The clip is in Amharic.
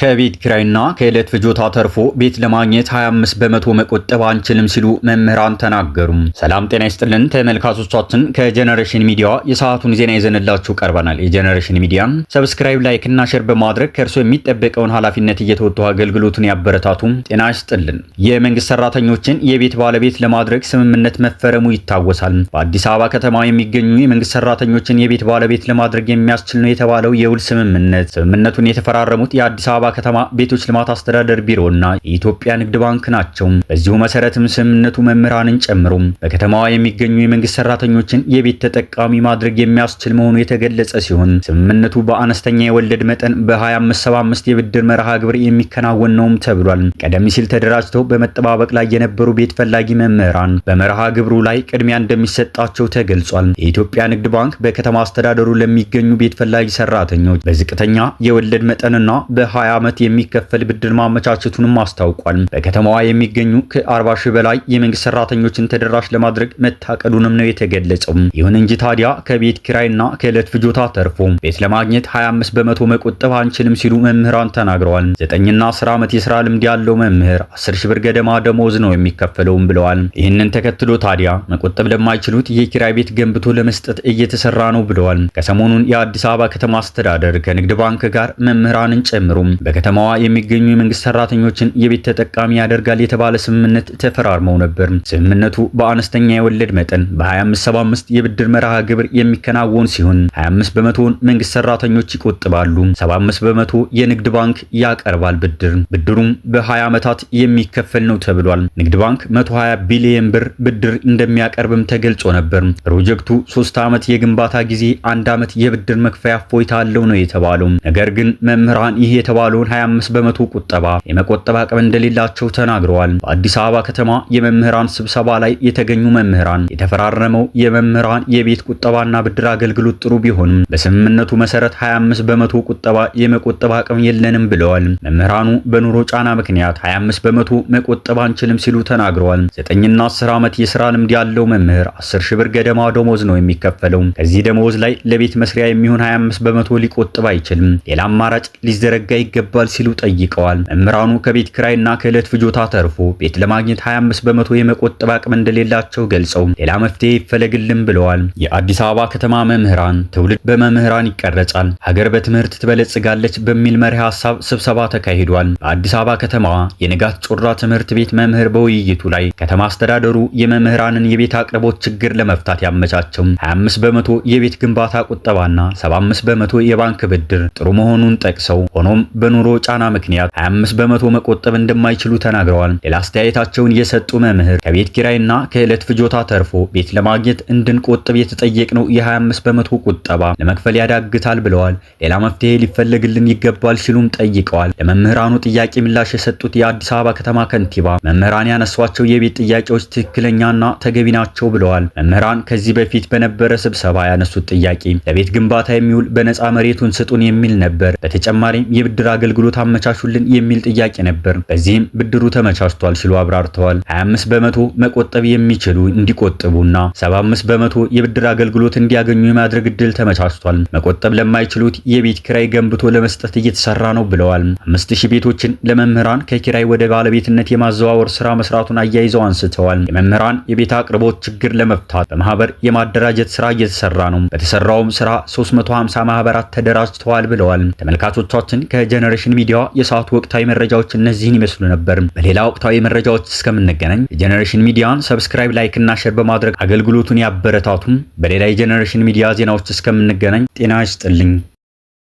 ከቤት ኪራይና ከዕለት ፍጆታ ተርፎ ቤት ለማግኘት 25 በመቶ መቆጠብ አንችልም ሲሉ መምህራን ተናገሩም። ሰላም ጤና ይስጥልን ተመልካቾቻችን፣ ከጀነሬሽን ሚዲያ የሰዓቱን ዜና ይዘንላችሁ ቀርበናል። የጀነሬሽን ሚዲያ ሰብስክራይብ፣ ላይክ እና ሼር በማድረግ ከእርሶ የሚጠበቀውን ኃላፊነት እየተወጡ አገልግሎቱን ያበረታቱም። ጤና ይስጥልን። የመንግስት ሰራተኞችን የቤት ባለቤት ለማድረግ ስምምነት መፈረሙ ይታወሳል። በአዲስ አበባ ከተማ የሚገኙ የመንግስት ሰራተኞችን የቤት ባለቤት ለማድረግ የሚያስችል ነው የተባለው የውል ስምምነት ስምምነቱን የተፈራረሙት የአዲስ አበባ የአዲስ አበባ ከተማ ቤቶች ልማት አስተዳደር ቢሮና የኢትዮጵያ ንግድ ባንክ ናቸው። በዚሁ መሰረትም ስምምነቱ መምህራንን ጨምሮ በከተማዋ የሚገኙ የመንግስት ሰራተኞችን የቤት ተጠቃሚ ማድረግ የሚያስችል መሆኑ የተገለጸ ሲሆን ስምምነቱ በአነስተኛ የወለድ መጠን በ2575 የብድር መርሃ ግብር የሚከናወን ነውም ተብሏል። ቀደም ሲል ተደራጅተው በመጠባበቅ ላይ የነበሩ ቤት ፈላጊ መምህራን በመርሃ ግብሩ ላይ ቅድሚያ እንደሚሰጣቸው ተገልጿል። የኢትዮጵያ ንግድ ባንክ በከተማ አስተዳደሩ ለሚገኙ ቤት ፈላጊ ሰራተኞች በዝቅተኛ የወለድ መጠንና በ20 ዓመት የሚከፈል ብድር ማመቻቸቱንም አስታውቋል። በከተማዋ የሚገኙ ከ40 ሺህ በላይ የመንግስት ሰራተኞችን ተደራሽ ለማድረግ መታቀዱንም ነው የተገለጸው። ይሁን እንጂ ታዲያ ከቤት ኪራይና ከእለት ፍጆታ ተርፎ ቤት ለማግኘት 25 በመቶ መቆጠብ አንችልም ሲሉ መምህራን ተናግረዋል። ዘጠኝና 10 ዓመት የስራ ልምድ ያለው መምህር 10 ሺህ ብር ገደማ ደሞዝ ነው የሚከፈለውም ብለዋል። ይህንን ተከትሎ ታዲያ መቆጠብ ለማይችሉት የኪራይ ቤት ገንብቶ ለመስጠት እየተሰራ ነው ብለዋል። ከሰሞኑን የአዲስ አበባ ከተማ አስተዳደር ከንግድ ባንክ ጋር መምህራንን ጨምሩ። በከተማዋ የሚገኙ የመንግስት ሰራተኞችን የቤት ተጠቃሚ ያደርጋል የተባለ ስምምነት ተፈራርመው ነበር። ስምምነቱ በአነስተኛ የወለድ መጠን በ2575 የብድር መርሃ ግብር የሚከናወን ሲሆን 25 በመቶውን መንግስት ሰራተኞች ይቆጥባሉ፣ 75 በመቶ የንግድ ባንክ ያቀርባል ብድር። ብድሩም በ20 ዓመታት የሚከፈል ነው ተብሏል። ንግድ ባንክ 120 ቢሊየን ብር ብድር እንደሚያቀርብም ተገልጾ ነበር። ፕሮጀክቱ 3 ዓመት የግንባታ ጊዜ፣ አንድ ዓመት የብድር መክፈያ እፎይታ አለው ነው የተባለው። ነገር ግን መምህራን ይህ የተባለ የተቻለውን 25 በመቶ ቁጠባ የመቆጠብ አቅም እንደሌላቸው ተናግረዋል። በአዲስ አበባ ከተማ የመምህራን ስብሰባ ላይ የተገኙ መምህራን የተፈራረመው የመምህራን የቤት ቁጠባና ብድር አገልግሎት ጥሩ ቢሆንም በስምምነቱ መሰረት 25 በመቶ ቁጠባ የመቆጠብ አቅም የለንም ብለዋል። መምህራኑ በኑሮ ጫና ምክንያት 25 በመቶ መቆጠብ አንችልም ሲሉ ተናግረዋል። 9ና 10 ዓመት የስራ ልምድ ያለው መምህር 10 ሺህ ብር ገደማ ደሞዝ ነው የሚከፈለው። ከዚህ ደሞዝ ላይ ለቤት መስሪያ የሚሆን 25 በመቶ ሊቆጥብ አይችልም። ሌላ አማራጭ ሊዘረጋ ይገባል ይገባል ሲሉ ጠይቀዋል። መምህራኑ ከቤት ኪራይና ከዕለት ፍጆታ ተርፎ ቤት ለማግኘት 25 በመቶ የመቆጠብ አቅም እንደሌላቸው ገልጸው ሌላ መፍትሄ ይፈለግልን ብለዋል። የአዲስ አበባ ከተማ መምህራን ትውልድ በመምህራን ይቀረጻል፣ ሀገር በትምህርት ትበለጽጋለች በሚል መሪ ሀሳብ ስብሰባ ተካሂዷል። በአዲስ አበባ ከተማ የንጋት ጮራ ትምህርት ቤት መምህር በውይይቱ ላይ ከተማ አስተዳደሩ የመምህራንን የቤት አቅርቦት ችግር ለመፍታት ያመቻቸው 25 በመቶ የቤት ግንባታ ቁጠባና 75 በመቶ የባንክ ብድር ጥሩ መሆኑን ጠቅሰው ሆኖም በ በኑሮ ጫና ምክንያት 25 በመቶ መቆጠብ እንደማይችሉ ተናግረዋል። ሌላ አስተያየታቸውን የሰጡ መምህር ከቤት ኪራይና ከዕለት ፍጆታ ተርፎ ቤት ለማግኘት እንድንቆጥብ የተጠየቅነው የ25 በመቶ ቁጠባ ለመክፈል ያዳግታል ብለዋል። ሌላ መፍትሄ ሊፈለግልን ይገባል ሲሉም ጠይቀዋል። ለመምህራኑ ጥያቄ ምላሽ የሰጡት የአዲስ አበባ ከተማ ከንቲባ መምህራን ያነሷቸው የቤት ጥያቄዎች ትክክለኛና ተገቢ ናቸው ብለዋል። መምህራን ከዚህ በፊት በነበረ ስብሰባ ያነሱት ጥያቄ ለቤት ግንባታ የሚውል በነፃ መሬቱን ስጡን የሚል ነበር። በተጨማሪም የብድር አገልግሎት አመቻቹልን የሚል ጥያቄ ነበር። በዚህም ብድሩ ተመቻችቷል ሲሉ አብራርተዋል። 25 በመቶ መቆጠብ የሚችሉ እንዲቆጥቡና 75 በመቶ የብድር አገልግሎት እንዲያገኙ የማድረግ እድል ተመቻችቷል። መቆጠብ ለማይችሉት የቤት ኪራይ ገንብቶ ለመስጠት እየተሰራ ነው ብለዋል። 5000 ቤቶችን ለመምህራን ከኪራይ ወደ ባለቤትነት የማዘዋወር ስራ መስራቱን አያይዘው አንስተዋል። የመምህራን የቤት አቅርቦት ችግር ለመፍታት በማህበር የማደራጀት ስራ እየተሰራ ነው። በተሰራውም ስራ 350 ማህበራት ተደራጅተዋል ብለዋል። ተመልካቾቻችን ከጀነ ጀኔሬሽን ሚዲያ የሰዓቱ ወቅታዊ መረጃዎች እነዚህን ይመስሉ ነበር። በሌላ ወቅታዊ መረጃዎች እስከምንገናኝ የጀኔሬሽን ሚዲያን ሰብስክራይብ፣ ላይክ እና ሼር በማድረግ አገልግሎቱን ያበረታቱም። በሌላ የጀኔሬሽን ሚዲያ ዜናዎች እስከምንገናኝ ጤና ይስጥልኝ።